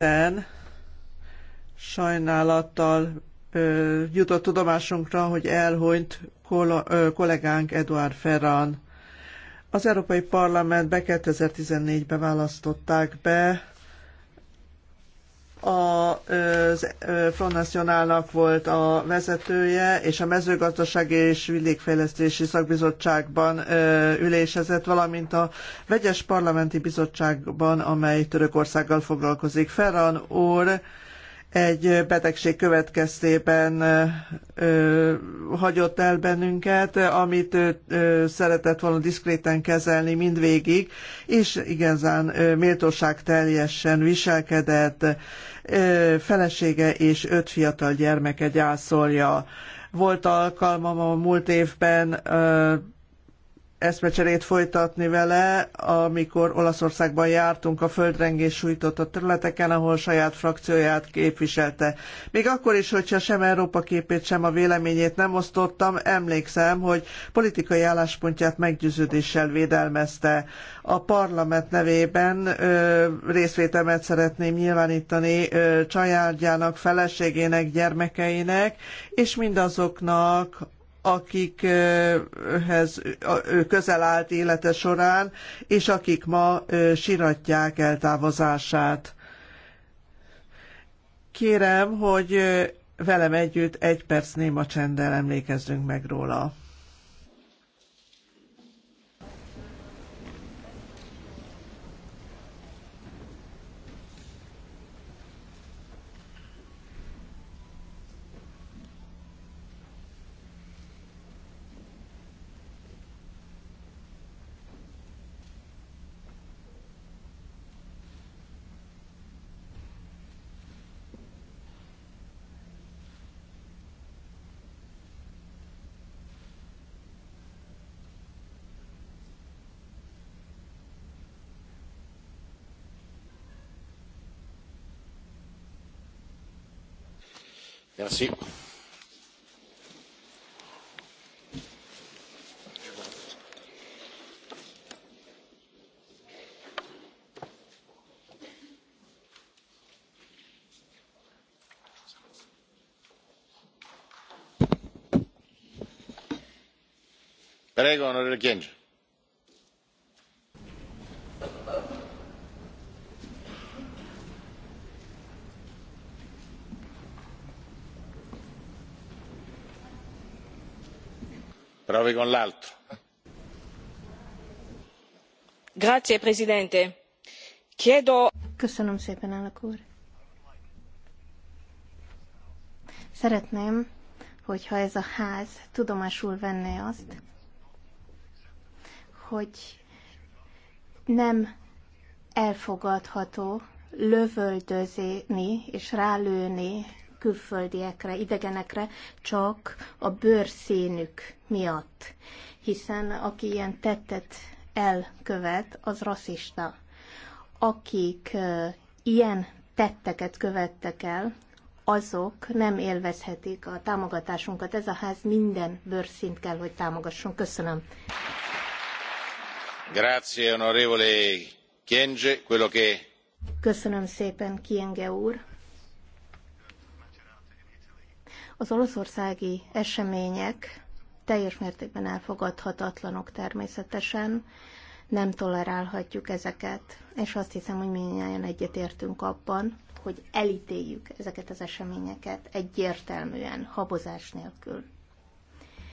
Ten. sajnálattal ö, jutott tudomásunkra, hogy elhunyt kollégánk Eduard Ferran. Az Európai Parlamentbe 2014-ben választották be, az Front Nationalnak volt a vezetője, és a mezőgazdasági és vidékfejlesztési szakbizottságban ülésezett, valamint a vegyes parlamenti bizottságban, amely Törökországgal foglalkozik. Ferran úr egy betegség következtében ö, hagyott el bennünket, amit ö, szeretett volna diszkréten kezelni mindvégig, és igazán ö, méltóság teljesen viselkedett, ö, felesége és öt fiatal gyermeke gyászolja. Volt alkalmam a múlt évben ö, eszmecserét folytatni vele, amikor Olaszországban jártunk a földrengés sújtotta területeken, ahol saját frakcióját képviselte. Még akkor is, hogyha sem Európa képét, sem a véleményét nem osztottam, emlékszem, hogy politikai álláspontját meggyőződéssel védelmezte. A parlament nevében ö, részvétemet szeretném nyilvánítani ö, családjának, feleségének, gyermekeinek, és mindazoknak, akikhez ő közel állt élete során, és akik ma siratják eltávozását. Kérem, hogy velem együtt egy perc néma csenddel emlékezzünk meg róla. Merci. Prego, onorevole Kyenge. signor presidente chiedo. köszönöm szeretném hogyha ez a ház tudomásul venné azt hogy nem elfogadható lövöldözni és rálőni külföldiekre, idegenekre csak a bőrszínük miatt. Hiszen aki ilyen tettet elkövet, az rasszista. Akik ilyen tetteket követtek el, azok nem élvezhetik a támogatásunkat. Ez a ház minden bőrszint kell, hogy támogasson. Köszönöm. Grazie, onorevole Kienge, quello che... Köszönöm szépen, Kienge úr. Az olaszországi események teljes mértékben elfogadhatatlanok természetesen, nem tolerálhatjuk ezeket, és azt hiszem, hogy minnyáján egyetértünk abban, hogy elítéljük ezeket az eseményeket egyértelműen, habozás nélkül.